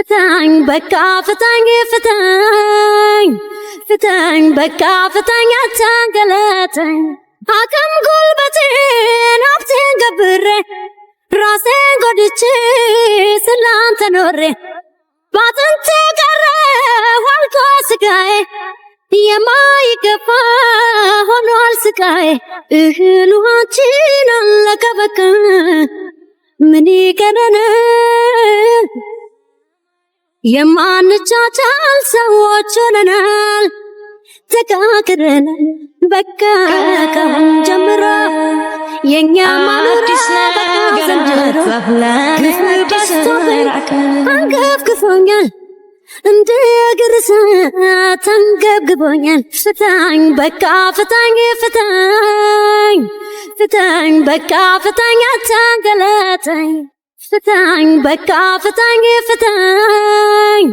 ፍተኝ በቃ ፍተኝ ፍታኝ ፍተኝ በቃ ፍታኝ አታንገላታኝ አቅም ጉልበቴን ሀብቴን ገብሬ ራሴን ጎድቼ ስላንተ ኖሬ ባጥንቴ ቀረ ሆልቆ ስጋዬ የማይገባ ሆኗል ስቃዬ እህል ውሃችን አለቀ በቃ ምን ይቀረናል? የማንቻቻል ሰዎች ሆነናል። ተቃቅረን በቃ ቀን ጀምሮ የኛ ማኖሪያ ዘንድሮ እንደ እግር እሳት ፍታኝ በቃ ፍታኝ ፍታኝ ፍታኝ በቃ ፍታኝ አታንገላታኝ ፍታኝ በቃ ፍታኝ ፍታኝ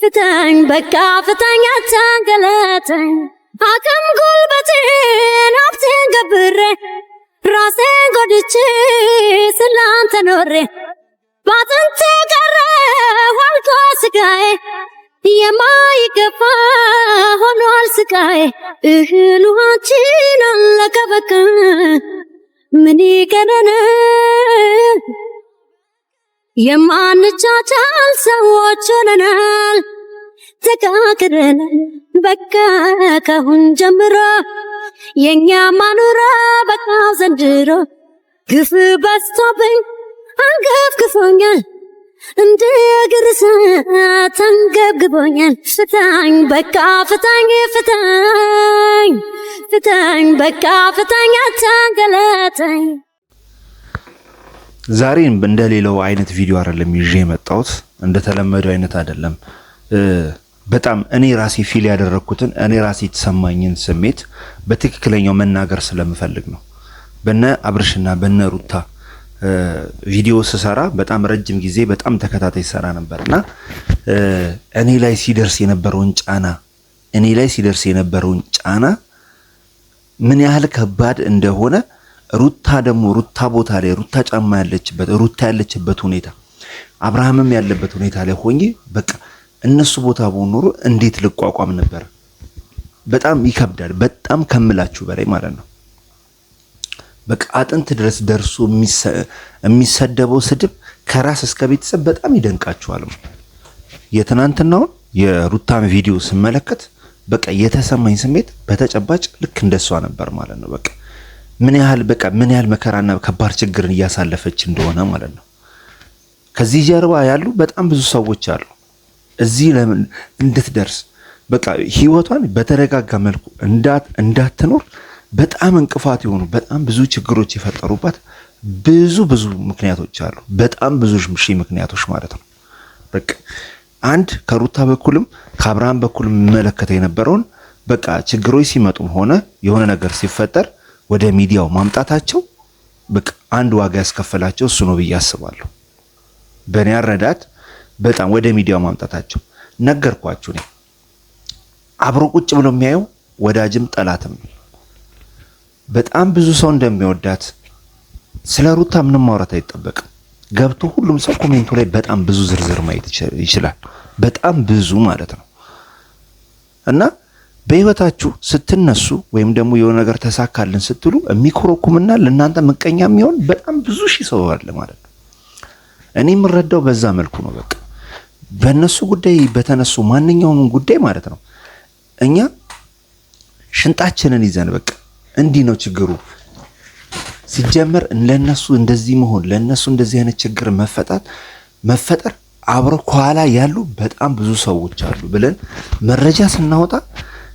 ፍታኝ በቃ ፍታኝ አታንገላታኝ አቅም ጉልበቴን ሀብቴን ገብሬ ራሴ ጎድቼ ስላንተ ኖሬ ባጥንቴ ቀረ ሆልጎ ስጋዬ የማይገባ ሆኗል ስቃዬ እህል ውሃችን አለቀ በቃ ምን ይቀረናል? የማንቻቻል ሰዎች ሆነናል። ተቃቅረን በቃ ከሁን ጀምሮ የኛ ማኖራ በቃ ዘንድሮ ግፍ በዝቶብኝ አንገፍግፎኛል፣ እንደ እግር እሳት ፍታኝ በቃ ፍታኝ ፍታኝ ፍታኝ በቃ ፍታኝ አታንገላታኝ ዛሬን እንደሌላው አይነት ቪዲዮ አይደለም ይዤ የመጣሁት። እንደተለመደው አይነት አይደለም። በጣም እኔ ራሴ ፊል ያደረግኩትን እኔ ራሴ የተሰማኝን ስሜት በትክክለኛው መናገር ስለምፈልግ ነው። በነ አብርሽና በነ ሩታ ቪዲዮ ስሰራ በጣም ረጅም ጊዜ በጣም ተከታታይ ሰራ ነበርና እኔ ላይ ሲደርስ የነበረውን ጫና እኔ ላይ ሲደርስ የነበረውን ጫና ምን ያህል ከባድ እንደሆነ ሩታ ደግሞ ሩታ ቦታ ላይ ሩታ ጫማ ያለችበት ሩታ ያለችበት ሁኔታ አብርሃምም ያለበት ሁኔታ ላይ ሆኜ በቃ እነሱ ቦታ በሆን ኖሮ እንዴት ልቋቋም ነበር? በጣም ይከብዳል። በጣም ከምላችሁ በላይ ማለት ነው። በቃ አጥንት ድረስ ደርሶ የሚሰደበው ስድብ ከራስ እስከ ቤተሰብ በጣም ይደንቃችኋል። የትናንትናውን የሩታን ቪዲዮ ስመለከት በቃ የተሰማኝ ስሜት በተጨባጭ ልክ እንደሷ ነበር ማለት ነው በቃ ምን ያህል በቃ ምን ያህል መከራና ከባድ ችግርን እያሳለፈች እንደሆነ ማለት ነው። ከዚህ ጀርባ ያሉ በጣም ብዙ ሰዎች አሉ። እዚህ ለምን እንድትደርስ በቃ ህይወቷን በተረጋጋ መልኩ እንዳትኖር በጣም እንቅፋት የሆኑ በጣም ብዙ ችግሮች የፈጠሩባት ብዙ ብዙ ምክንያቶች አሉ። በጣም ብዙ ሺ ምክንያቶች ማለት ነው። በቃ አንድ ከሩታ በኩልም ከአብርሃም በኩልም የሚመለከተው የነበረውን በቃ ችግሮች ሲመጡም ሆነ የሆነ ነገር ሲፈጠር ወደ ሚዲያው ማምጣታቸው በቃ አንድ ዋጋ ያስከፈላቸው እሱ ነው ብዬ አስባለሁ። በእኔ አረዳድ በጣም ወደ ሚዲያው ማምጣታቸው ነገርኳችሁ። እኔ አብሮ ቁጭ ብሎ የሚያየው ወዳጅም ጠላትም በጣም ብዙ ሰው እንደሚወዳት ስለ ሩታ ምንም ማውራት አይጠበቅም። ገብቶ ሁሉም ሰው ኮሜንቱ ላይ በጣም ብዙ ዝርዝር ማየት ይችላል። በጣም ብዙ ማለት ነው እና በህይወታችሁ ስትነሱ ወይም ደግሞ የሆነ ነገር ተሳካልን ስትሉ የሚኮረኩምና ለእናንተ ምቀኛ የሚሆን በጣም ብዙ ሺህ ሰው አለ ማለት ነው። እኔ የምረዳው በዛ መልኩ ነው። በቃ በእነሱ ጉዳይ በተነሱ ማንኛውም ጉዳይ ማለት ነው እኛ ሽንጣችንን ይዘን በቃ እንዲህ ነው ችግሩ ሲጀመር ለነሱ እንደዚህ መሆን ለነሱ እንደዚህ አይነት ችግር መፈጣት መፈጠር አብረው ከኋላ ያሉ በጣም ብዙ ሰዎች አሉ ብለን መረጃ ስናወጣ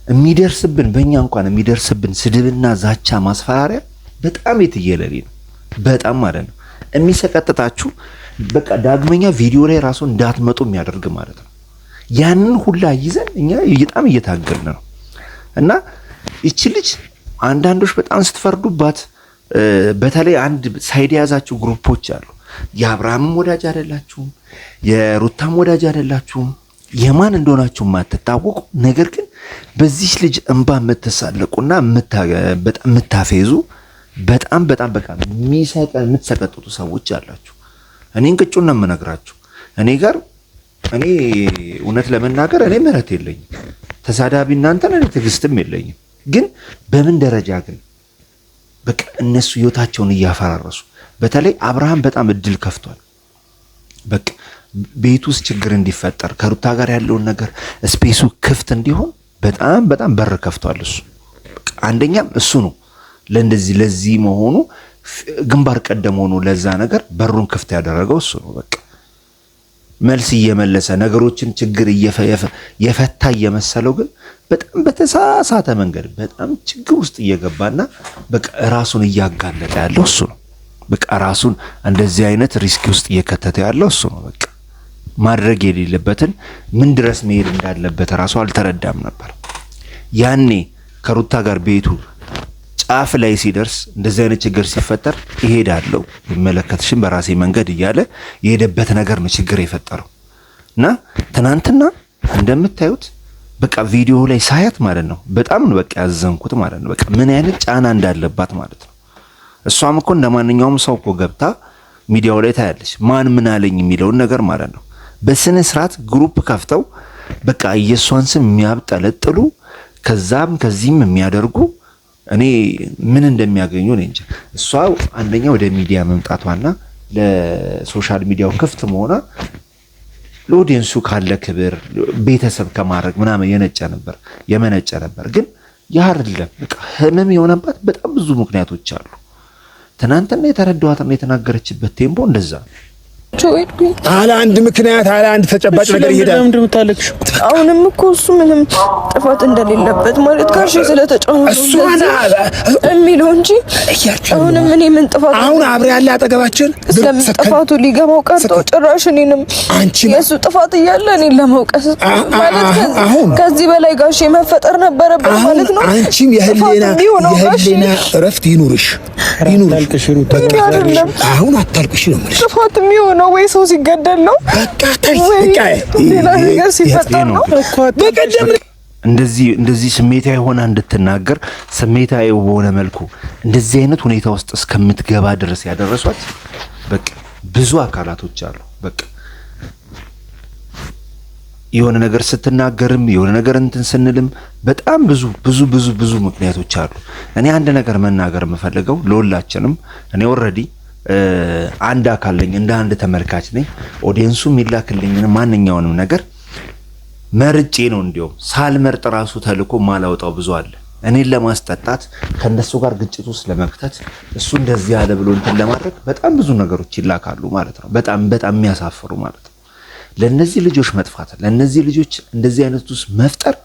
የሚደርስብን በእኛ እንኳን የሚደርስብን ስድብና ዛቻ ማስፈራሪያ በጣም የትየለሌ ነው። በጣም ማለት ነው የሚሰቀጥጣችሁ። በቃ ዳግመኛ ቪዲዮ ላይ ራሱ እንዳትመጡ የሚያደርግ ማለት ነው። ያንን ሁላ ይዘን እኛ በጣም እየታገልን ነው እና ይቺ ልጅ አንዳንዶች በጣም ስትፈርዱባት፣ በተለይ አንድ ሳይድ የያዛችሁ ግሩፖች አሉ። የአብርሃምም ወዳጅ አይደላችሁም፣ የሩታም ወዳጅ አይደላችሁም የማን እንደሆናችሁ የማትታወቁ ነገር ግን በዚህ ልጅ እንባ የምትሳለቁና በጣም የምታፌዙ በጣም በጣም በቃ የምትሰቀጥጡ ሰዎች አላችሁ። እኔ እንቅጩን ነው የምነግራችሁ። እኔ ጋር እኔ እውነት ለመናገር እኔ ምህረት የለኝም ተሳዳቢ እናንተን እኔ ትዕግስትም የለኝም። ግን በምን ደረጃ ግን በቃ እነሱ ህይወታቸውን እያፈራረሱ በተለይ አብርሃም በጣም እድል ከፍቷል በቃ ቤት ውስጥ ችግር እንዲፈጠር ከሩታ ጋር ያለውን ነገር ስፔሱ ክፍት እንዲሆን በጣም በጣም በር ከፍቷል። እሱ አንደኛም እሱ ነው ለእንደዚህ ለዚህ መሆኑ ግንባር ቀደም ሆኖ ለዛ ነገር በሩን ክፍት ያደረገው እሱ ነው። በቃ መልስ እየመለሰ ነገሮችን ችግር የፈታ እየመሰለው ግን በጣም በተሳሳተ መንገድ በጣም ችግር ውስጥ እየገባና በቃ ራሱን እያጋለጠ ያለው እሱ ነው። በቃ ራሱን እንደዚህ አይነት ሪስኪ ውስጥ እየከተተ ያለው እሱ ነው በቃ ማድረግ የሌለበትን ምን ድረስ መሄድ እንዳለበት ራሱ አልተረዳም ነበር። ያኔ ከሩታ ጋር ቤቱ ጫፍ ላይ ሲደርስ እንደዚህ አይነት ችግር ሲፈጠር ይሄዳለው የሚመለከትሽን በራሴ መንገድ እያለ የሄደበት ነገር ነው ችግር የፈጠረው እና ትናንትና እንደምታዩት በቃ ቪዲዮ ላይ ሳያት ማለት ነው በጣም ነው በቃ ያዘንኩት ማለት ነው። በቃ ምን አይነት ጫና እንዳለባት ማለት ነው። እሷም እኮ እንደ ማንኛውም ሰው እኮ ገብታ ሚዲያው ላይ ታያለች ማን ምን አለኝ የሚለውን ነገር ማለት ነው። በስነ ስርዓት ግሩፕ ከፍተው በቃ ኢየሷን ስም የሚያብጠለጥሉ ከዛም ከዚህም የሚያደርጉ እኔ ምን እንደሚያገኙ እኔ እንጃ። እሷ አንደኛ ወደ ሚዲያ መምጣቷና ለሶሻል ሚዲያው ክፍት መሆኗ ለኦዲየንሱ ካለ ክብር ቤተሰብ ከማድረግ ምናምን የነጨ ነበር የመነጨ ነበር። ግን ያ አይደለም። በቃ ህመም የሆነባት በጣም ብዙ ምክንያቶች አሉ። ትናንትና የተረዳኋትና የተናገረችበት ቴምፖ እንደዛ አለ አንድ ምክንያት አለ አንድ ተጨባጭ ነገር ይሄዳል። አሁንም እኮ እሱ ምንም ጥፋት እንደሌለበት ማለት ጋር ስለተጫወተ ስለተጫወቱ የሚለው እንጂ አሁንም እኔ ምን ጥፋት አሁን አብሬ ያለ አጠገባችን ጥፋቱ ሊገባው ቀርቶ ጭራሽ እኔንም የእሱ ጥፋት እያለ እኔን ለመውቀስ ማለት ከዚህ በላይ ጋሽ መፈጠር ነበረበት ማለት ነው። አንቺም የህሊና የህሊና እረፍት ይኑርሽ ይኑርሽ። አሁን አታልቅሽ ነው ማለት ጥፋት የሚሆነው ወይ ሰው ሲገደል ነው በቃ ታይ በቃ ሌላ ነገር ሲፈጠር ነው እንደዚህ እንደዚህ ስሜታዊ ሆና እንድትናገር ስሜታዊ በሆነ መልኩ እንደዚህ አይነት ሁኔታ ውስጥ እስከምትገባ ድረስ ያደረሷት በቃ ብዙ አካላቶች አሉ። በቃ የሆነ ነገር ስትናገርም የሆነ ነገር እንትን ስንልም በጣም ብዙ ብዙ ብዙ ብዙ ምክንያቶች አሉ። እኔ አንድ ነገር መናገር የምፈልገው ለሁላችንም እኔ ኦልሬዲ አንድ አካል ነኝ፣ እንደ አንድ ተመልካች ነኝ። ኦዲየንሱ የሚላክልኝን ማንኛውንም ነገር መርጬ ነው። እንዲሁም ሳልመርጥ ራሱ ተልኮ ማላወጣው ብዙ አለ። እኔን ለማስጠጣት ከእነሱ ጋር ግጭት ውስጥ ለመክተት እሱ እንደዚህ ያለ ብሎ እንትን ለማድረግ በጣም ብዙ ነገሮች ይላካሉ ማለት ነው። በጣም በጣም የሚያሳፍሩ ማለት ነው። ለእነዚህ ልጆች መጥፋት፣ ለእነዚህ ልጆች እንደዚህ አይነት ውስጥ መፍጠር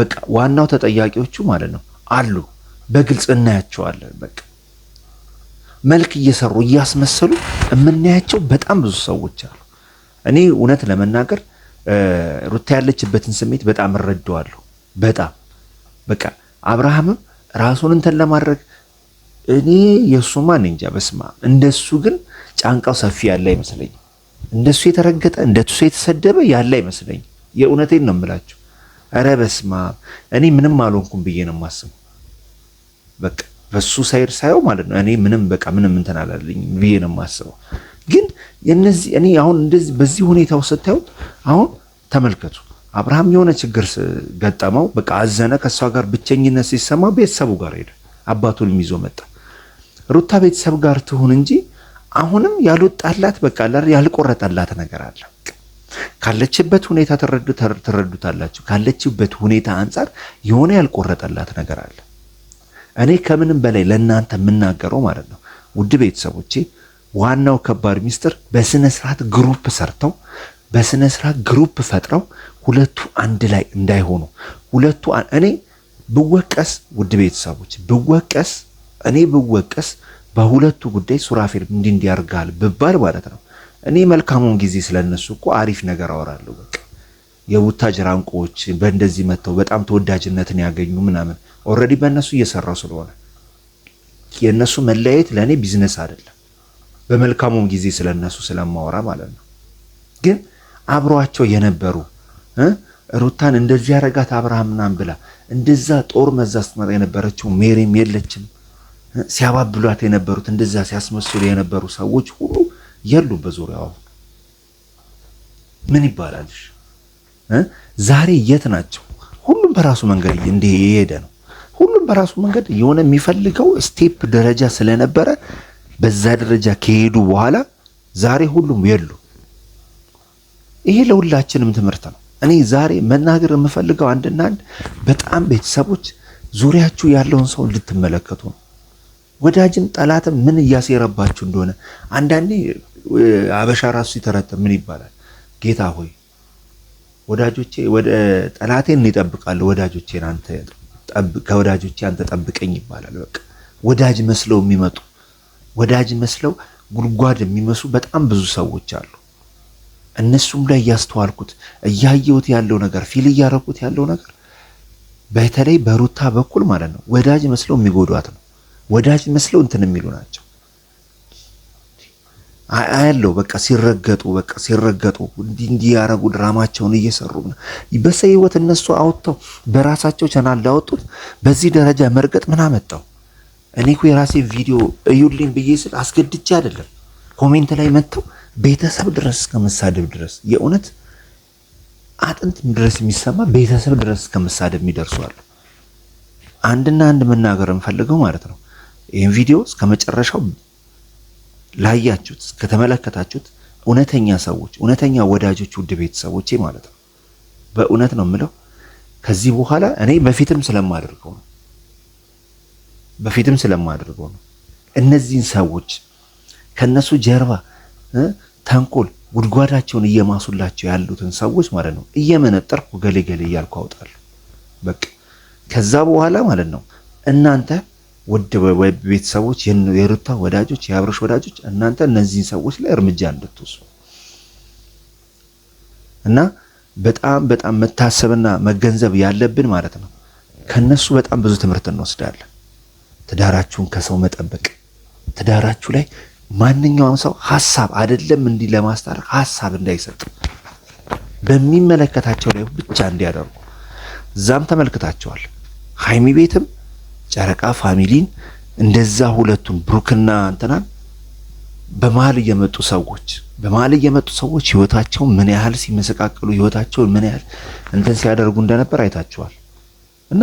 በቃ ዋናው ተጠያቂዎቹ ማለት ነው አሉ። በግልጽ እናያቸዋለን። በቃ መልክ እየሰሩ እያስመሰሉ የምናያቸው በጣም ብዙ ሰዎች አሉ። እኔ እውነት ለመናገር ሩታ ያለችበትን ስሜት በጣም እረዳዋለሁ። በጣም በቃ አብርሃምም ራሱን እንትን ለማድረግ እኔ የእሱማ ማን እንጃ በስማ እንደሱ ግን ጫንቃው ሰፊ ያለ አይመስለኝም። እንደሱ የተረገጠ እንደሱ የተሰደበ ያለ ይመስለኝ የእውነቴን ነው የምላችሁ ኧረ በስማ እኔ ምንም አልሆንኩም ብዬ ነው የማስበው። በቃ በሱ ሳይር ሳየው ማለት ነው እኔ ምንም በቃ ምንም እንትን አላለኝ ብዬ ነው የማስበው። የነዚህ እኔ አሁን እንደዚህ በዚህ ሁኔታ ውስጥ ስታዩት አሁን ተመልከቱ አብርሃም የሆነ ችግር ገጠመው፣ በቃ አዘነ። ከእሷ ጋር ብቸኝነት ሲሰማ ቤተሰቡ ጋር ሄደ፣ አባቱንም ይዞ መጣ። ሩታ ቤተሰብ ጋር ትሁን እንጂ አሁንም ያልወጣላት በቃ ያልቆረጠላት ነገር አለ። ካለችበት ሁኔታ ትረዱታላችሁ። ካለችበት ሁኔታ አንጻር የሆነ ያልቆረጠላት ነገር አለ። እኔ ከምንም በላይ ለእናንተ የምናገረው ማለት ነው ውድ ቤተሰቦቼ ዋናው ከባድ ሚስጥር በስነ ስርዓት ግሩፕ ሰርተው በስነ ስርዓት ግሩፕ ፈጥረው ሁለቱ አንድ ላይ እንዳይሆኑ ሁለቱ እኔ ብወቀስ ውድ ቤተሰቦች ብወቀስ እኔ ብወቀስ በሁለቱ ጉዳይ ሱራፌል እንዲ እንዲህ ያርጋል ብባል ማለት ነው። እኔ መልካሙን ጊዜ ስለነሱ እኮ አሪፍ ነገር አወራለሁ። በቃ የቡታጅራ እንቁዎች በእንደዚህ መጥተው በጣም ተወዳጅነትን ያገኙ ምናምን ኦልሬዲ በእነሱ እየሰራው ስለሆነ የእነሱ መለያየት ለእኔ ቢዝነስ አይደለም። በመልካሙም ጊዜ ስለነሱ ስለማወራ ማለት ነው። ግን አብሯቸው የነበሩ ሩታን እንደዚህ ያረጋት አብርሃም ምናምን ብላ እንደዛ ጦር መዛ ስትመጣ የነበረችው ሜሪም የለችም። ሲያባብሏት የነበሩት እንደዛ ሲያስመስሉ የነበሩ ሰዎች ሁሉ የሉ በዙሪያው። ምን ይባላልሽ? ዛሬ የት ናቸው? ሁሉም በራሱ መንገድ እንዲሄደ ነው። ሁሉም በራሱ መንገድ የሆነ የሚፈልገው ስቴፕ ደረጃ ስለነበረ በዛ ደረጃ ከሄዱ በኋላ ዛሬ ሁሉም የሉ። ይሄ ለሁላችንም ትምህርት ነው። እኔ ዛሬ መናገር የምፈልገው አንድና አንድ በጣም ቤተሰቦች ዙሪያችሁ ያለውን ሰው እንድትመለከቱ ነው። ወዳጅም ጠላትም ምን እያሴረባችሁ እንደሆነ አንዳንዴ አበሻ ራሱ ሲተረተም ምን ይባላል? ጌታ ሆይ ወዳጆቼ ወደ ጠላቴን ይጠብቃለሁ፣ ወዳጆቼን አንተ ጠብቅ፣ ከወዳጆቼ አንተ ጠብቀኝ ይባላል። በቃ ወዳጅ መስለው የሚመጡ ወዳጅ መስለው ጉድጓድ የሚመሱ በጣም ብዙ ሰዎች አሉ። እነሱም ላይ እያስተዋልኩት እያየሁት ያለው ነገር ፊል እያረኩት ያለው ነገር በተለይ በሩታ በኩል ማለት ነው። ወዳጅ መስለው የሚጎዷት ነው። ወዳጅ መስለው እንትን የሚሉ ናቸው አያለው። በቃ ሲረገጡ በቃ ሲረገጡ እንዲህ እንዲህ ያረጉ ድራማቸውን እየሰሩ በሰው ህይወት እነሱ አውጥተው በራሳቸው ቻናል ላወጡት በዚህ ደረጃ መርገጥ ምን አመጣው? እኔ እኮ የራሴ ቪዲዮ እዩልኝ ብዬ ስል አስገድቼ አይደለም። ኮሜንት ላይ መጥተው ቤተሰብ ድረስ እስከመሳደብ ድረስ የእውነት አጥንት ድረስ የሚሰማ ቤተሰብ ድረስ እስከመሳደብ የሚደርሱ አንድና አንድ መናገር የምፈልገው ማለት ነው ይህን ቪዲዮ እስከ መጨረሻው ላያችሁት እስከተመለከታችሁት እውነተኛ ሰዎች እውነተኛ ወዳጆች ውድ ቤተሰቦቼ ማለት ነው በእውነት ነው የምለው። ከዚህ በኋላ እኔ በፊትም ስለማደርገው ነው በፊትም ስለማደርገው ነው። እነዚህን ሰዎች ከነሱ ጀርባ ተንኮል ጉድጓዳቸውን እየማሱላቸው ያሉትን ሰዎች ማለት ነው እየመነጠርኩ ገሌ ገሌ እያልኩ አውጣለሁ። በቃ ከዛ በኋላ ማለት ነው እናንተ ውድ ቤተሰቦች፣ የሩታ ወዳጆች፣ የአብርሽ ወዳጆች እናንተ እነዚህን ሰዎች ላይ እርምጃ እንድትወስዱ እና በጣም በጣም መታሰብና መገንዘብ ያለብን ማለት ነው ከነሱ በጣም ብዙ ትምህርት እንወስዳለን። ትዳራችሁን ከሰው መጠበቅ ትዳራችሁ ላይ ማንኛውም ሰው ሀሳብ አይደለም እንዲህ ለማስታረቅ ሀሳብ እንዳይሰጥ በሚመለከታቸው ላይ ብቻ እንዲያደርጉ እዛም ተመልክታቸዋል። ሀይሚ ቤትም ጨረቃ ፋሚሊን እንደዛ ሁለቱን ብሩክና እንትናን በመሀል እየመጡ ሰዎች በመሀል እየመጡ ሰዎች ህይወታቸውን ምን ያህል ሲመሰቃቀሉ ህይወታቸውን ምን ያህል እንትን ሲያደርጉ እንደነበር አይታችኋል እና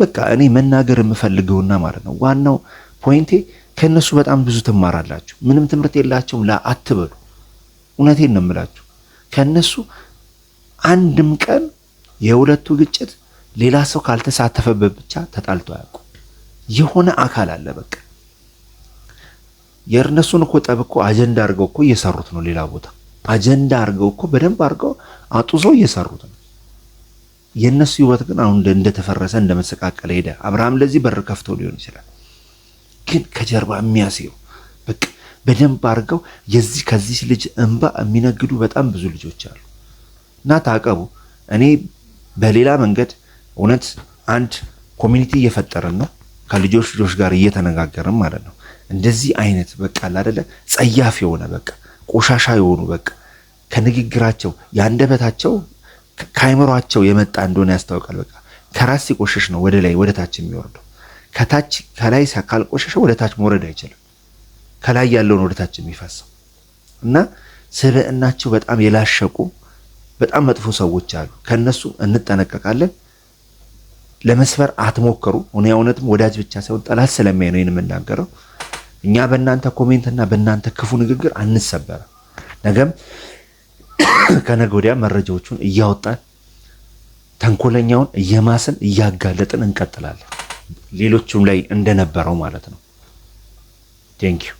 በቃ እኔ መናገር የምፈልገውና ማለት ነው ዋናው ፖይንቴ ከእነሱ በጣም ብዙ ትማራላችሁ። ምንም ትምህርት የላቸውም ለአትበሉ። እውነቴን ነው የምላችሁ። ከእነሱ አንድም ቀን የሁለቱ ግጭት ሌላ ሰው ካልተሳተፈበት ብቻ ተጣልቶ አያውቁ። የሆነ አካል አለ በቃ የእነሱን እኮ ጠብ እኮ አጀንዳ አድርገው እኮ እየሰሩት ነው። ሌላ ቦታ አጀንዳ አድርገው እኮ በደንብ አድርገው አጡዞ እየሰሩት ነው። የእነሱ ህይወት ግን አሁን እንደተፈረሰ እንደመሰቃቀለ ሄደ። አብርሃም ለዚህ በር ከፍቶ ሊሆን ይችላል፣ ግን ከጀርባ የሚያስየው በቃ በደንብ አድርገው የዚህ ከዚህ ልጅ እንባ የሚነግዱ በጣም ብዙ ልጆች አሉ። እና ታቀቡ። እኔ በሌላ መንገድ እውነት አንድ ኮሚኒቲ እየፈጠረን ነው፣ ከልጆች ልጆች ጋር እየተነጋገርን ማለት ነው። እንደዚህ አይነት በቃ አይደለ ጸያፍ የሆነ በቃ ቆሻሻ የሆኑ በቃ ከንግግራቸው ያንደበታቸው ከአይምሯቸው የመጣ እንደሆነ ያስታውቃል። በቃ ከራስ ሲቆሸሽ ነው ወደ ላይ ወደ ታች የሚወርደው። ከታች ከላይ ካልቆሸሸ ወደ ታች መውረድ አይችልም። ከላይ ያለውን ወደ ታች የሚፈሰው እና ስብዕናቸው በጣም የላሸቁ በጣም መጥፎ ሰዎች አሉ። ከነሱ እንጠነቀቃለን። ለመስፈር አትሞክሩ። እኔ እውነትም ወዳጅ ብቻ ሳይሆን ጠላት ስለሚያይ ነው የምናገረው። እኛ በእናንተ ኮሜንትና በእናንተ ክፉ ንግግር አንሰበረ ነገም ከነገ ወዲያ መረጃዎቹን እያወጣን ተንኮለኛውን እየማስን እያጋለጥን እንቀጥላለን። ሌሎቹም ላይ እንደነበረው ማለት ነው። ዩ